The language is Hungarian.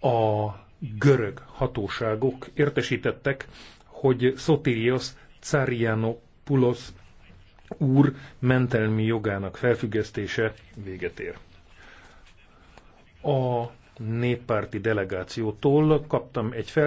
A görög hatóságok értesítettek, hogy Szotirios Carianopoulos úr mentelmi jogának felfüggesztése véget ér. A néppárti delegációtól kaptam egy fel